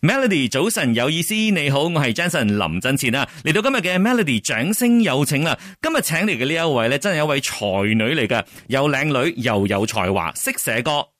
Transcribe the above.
Melody，早晨有意思，你好，我係 Jason 林振前啊，嚟到今日嘅 Melody 掌聲有請啊，今日請嚟嘅呢一位咧，真係一位才女嚟嘅，又靚女又有才華，識寫歌。